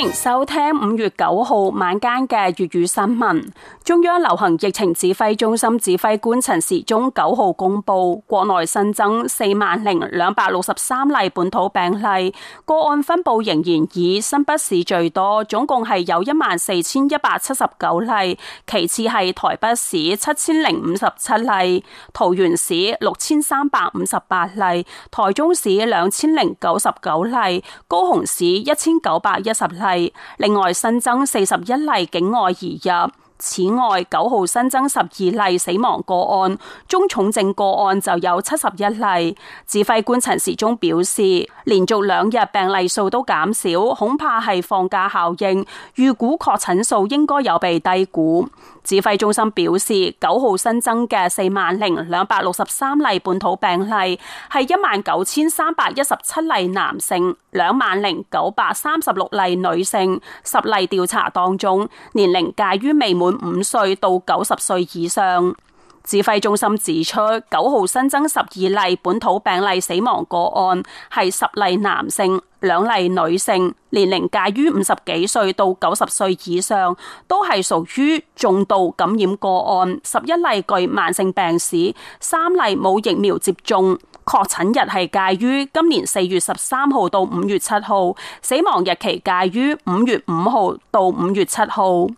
歡迎收聽五月九號晚間嘅粵語新聞。中央流行疫情指揮中心指揮官陳時中九號公佈，國內新增四萬零兩百六十三例本土病例，個案分布仍然以新北市最多，總共係有一萬四千一百七十九例，其次係台北市七千零五十七例，桃園市六千三百五十八例，台中市兩千零九十九例，高雄市一千九百一十例。另外新增四十一例境外移入。此外，九號新增十二例死亡個案，中重症個案就有七十一例。指揮官陳時中表示，連續兩日病例數都減少，恐怕係放假效應，預估確診數應該有被低估。指揮中心表示，九號新增嘅四萬零兩百六十三例本土病例，係一萬九千三百一十七例男性，兩萬零九百三十六例女性。十例調查當中，年齡介於未滿。五歲到九十歲以上，指揮中心指出，九號新增十二例本土病例死亡個案，係十例男性，兩例女性，年齡介於五十幾歲到九十歲以上，都係屬於重度感染個案。十一例具慢性病史，三例冇疫苗接種，確診日係介於今年四月十三號到五月七號，死亡日期介於五月五號到五月七號。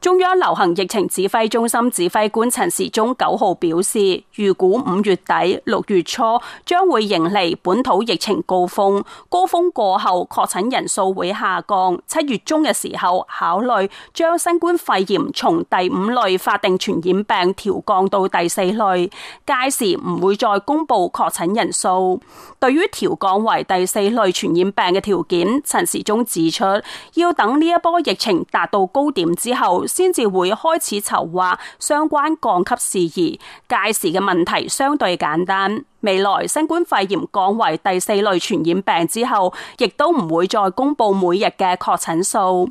中央流行疫情指揮中心指揮官陳時中九號表示，預估五月底六月初將會迎嚟本土疫情高峰，高峰過後確診人數會下降。七月中嘅時候考慮將新冠肺炎從第五類法定傳染病調降到第四類，屆時唔會再公布確診人數。對於調降為第四類傳染病嘅條件，陳時中指出要等呢一波疫情達到高點之後，先至會開始籌劃相關降級事宜，屆時嘅問題相對簡單。未來新冠肺炎降為第四類傳染病之後，亦都唔會再公布每日嘅確診數。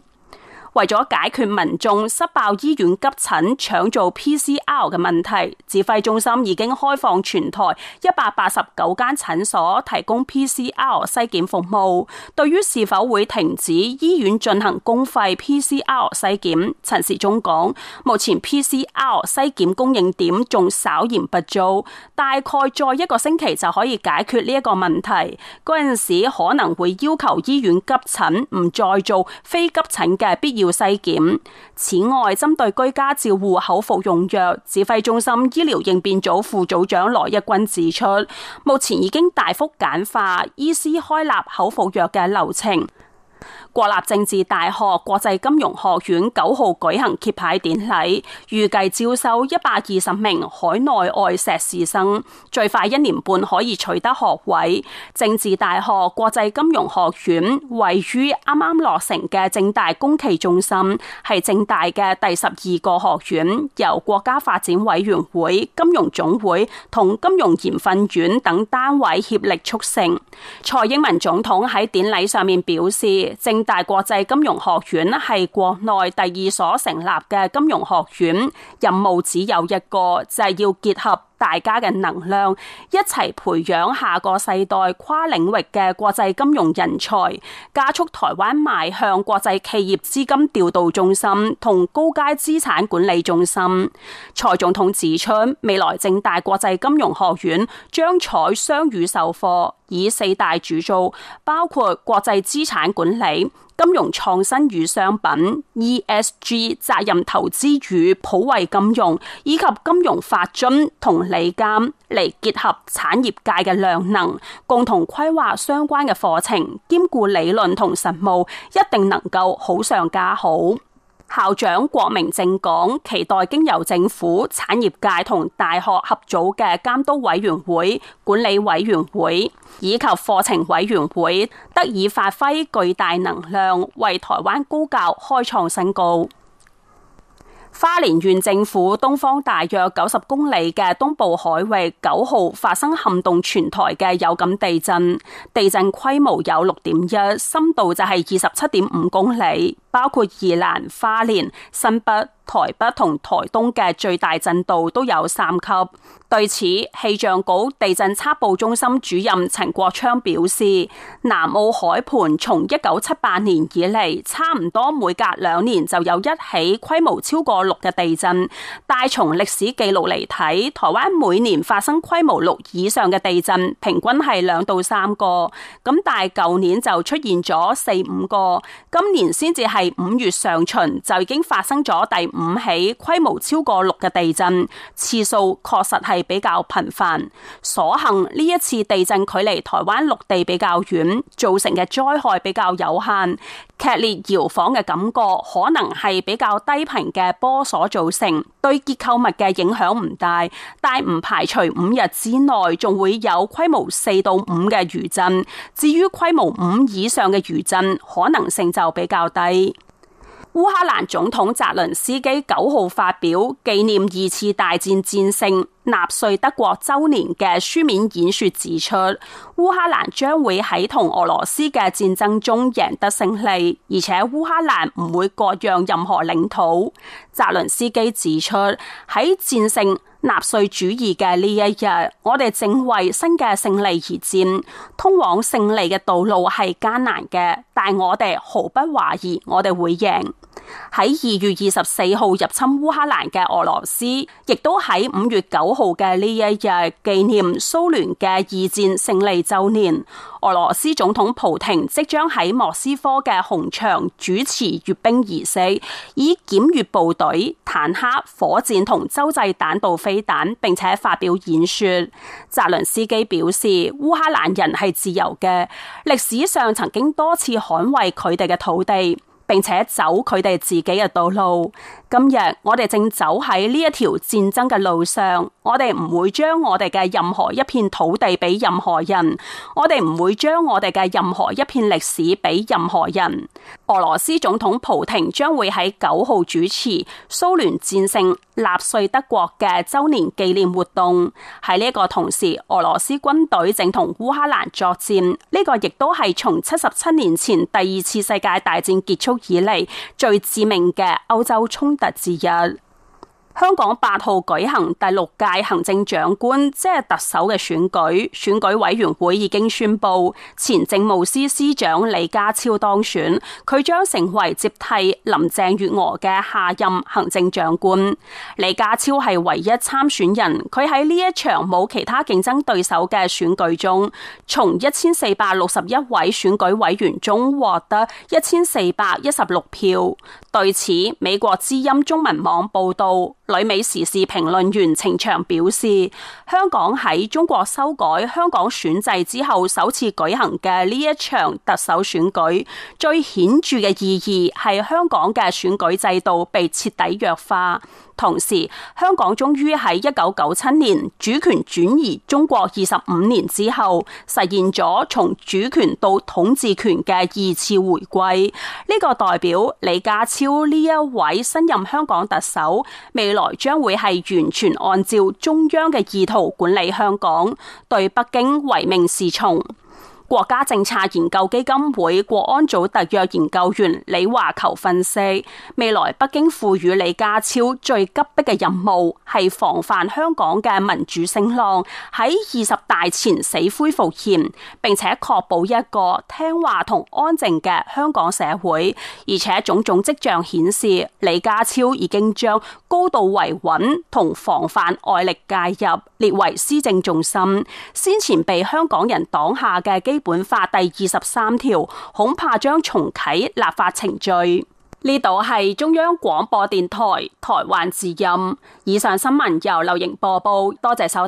為咗解決民眾失爆醫院急診搶做 PCR 嘅問題，指揮中心已經開放全台一百八十九間診所提供 PCR 篩檢服務。對於是否會停止醫院進行公費 PCR 篩檢，陳時中講：目前 PCR 篩檢供應點仲稍嫌不足，大概再一個星期就可以解決呢一個問題。嗰陣時可能會要求醫院急診唔再做非急診嘅必要要篩檢。此外，針對居家照護口服用藥，指揮中心醫療應變組副組長羅一鈞指出，目前已經大幅簡化醫師開立口服藥嘅流程。國立政治大學國際金融學院九號舉行揭牌典禮，預計招收一百二十名海內外碩士生，最快一年半可以取得學位。政治大學國際金融學院位於啱啱落成嘅政大公企中心，係政大嘅第十二個學院，由國家發展委員會、金融總會同金融研訓院等單位協力促成。蔡英文總統喺典禮上面表示政。大國際金融學院係國內第二所成立嘅金融學院，任務只有一個，就係、是、要結合大家嘅能量，一齊培養下個世代跨領域嘅國際金融人才，加速台灣邁向國際企業資金調度中心同高階資產管理中心。蔡總統指出，未來政大國際金融學院將採雙語授課，以四大主做，包括國際資產管理、金融創新與商品、ESG 責任投資與普惠金融，以及金融法遵同理監，嚟結合產業界嘅量能，共同規劃相關嘅課程，兼顧理論同實務，一定能夠好上加好。校長郭明政講：期待經由政府、產業界同大學合組嘅監督委員會、管理委員會以及課程委員會，得以發揮巨大能量，為台灣高教開創新高。花蓮縣政府東方大約九十公里嘅東部海域九號發生撼動全台嘅有感地震，地震規模有六點一，深度就係二十七點五公里，包括宜蘭、花蓮、新北。台北同台東嘅最大震度都有三級。對此，氣象局地震測報中心主任陳國昌表示，南澳海盤從一九七八年以嚟，差唔多每隔兩年就有一起規模超過六嘅地震。但係從歷史記錄嚟睇，台灣每年發生規模六以上嘅地震平均係兩到三個，咁但係舊年就出現咗四五個，今年先至係五月上旬就已經發生咗第五。五起規模超過六嘅地震次數確實係比較頻繁，所幸呢一次地震距離台灣陸地比較遠，造成嘅災害比較有限。劇烈搖晃嘅感覺可能係比較低頻嘅波所造成，對結構物嘅影響唔大，但唔排除五日之內仲會有規模四到五嘅餘震。至於規模五以上嘅餘震，可能性就比較低。烏克蘭總統澤倫斯基九號發表紀念二次大戰戰勝納粹德國周年嘅書面演說，指出烏克蘭將會喺同俄羅斯嘅戰爭中贏得勝利，而且烏克蘭唔會割讓任何領土。澤倫斯基指出，喺戰勝納粹主義嘅呢一日，我哋正為新嘅勝利而戰。通往勝利嘅道路係艱難嘅，但我哋毫不懷疑我，我哋會贏。喺二月二十四號入侵烏克蘭嘅俄羅斯，亦都喺五月九號嘅呢一日紀念蘇聯嘅二戰勝利周年。俄羅斯總統普廷即將喺莫斯科嘅紅場主持閱兵儀式，以檢閱部隊、坦克、火箭同洲際彈道飛飛彈，並且發表演說。澤倫斯基表示，烏克蘭人係自由嘅，歷史上曾經多次捍衛佢哋嘅土地。並且走佢哋自己嘅道路。今日我哋正走喺呢一條戰爭嘅路上，我哋唔會將我哋嘅任何一片土地俾任何人，我哋唔會將我哋嘅任何一片歷史俾任何人。俄羅斯總統普廷將會喺九號主持蘇聯戰勝納粹德國嘅周年紀念活動。喺呢個同時，俄羅斯軍隊正同烏克蘭作戰。呢個亦都係從七十七年前第二次世界大戰結束。以嚟最致命嘅歐洲衝突之一。香港八號舉行第六屆行政長官，即係特首嘅選舉。選舉委員會已經宣布前政務司司長李家超當選，佢將成為接替林鄭月娥嘅下任行政長官。李家超係唯一參選人，佢喺呢一場冇其他競爭對手嘅選舉中，從一千四百六十一位選舉委員中獲得一千四百一十六票。對此，美國之音中文網報道。旅美時事評論員程翔表示，香港喺中國修改香港選制之後，首次舉行嘅呢一場特首選舉，最顯著嘅意義係香港嘅選舉制度被徹底弱化。同時，香港終於喺一九九七年主權轉移中國二十五年之後，實現咗從主權到統治權嘅二次回歸。呢、這個代表李家超呢一位新任香港特首，未來將會係完全按照中央嘅意圖管理香港，對北京唯命是從。國家政策研究基金會國安組特約研究員李華球分析：未來北京賦予李家超最急迫嘅任務。係防範香港嘅民主聲浪喺二十大前死灰復燃，並且確保一個聽話同安靜嘅香港社會。而且種種跡象顯示，李家超已經將高度維穩同防範外力介入，列為施政重心。先前被香港人擋下嘅基本法第二十三條，恐怕將重啟立法程序。呢度係中央廣播電台台灣之音，以上新聞由劉瑩播報，多謝收聽。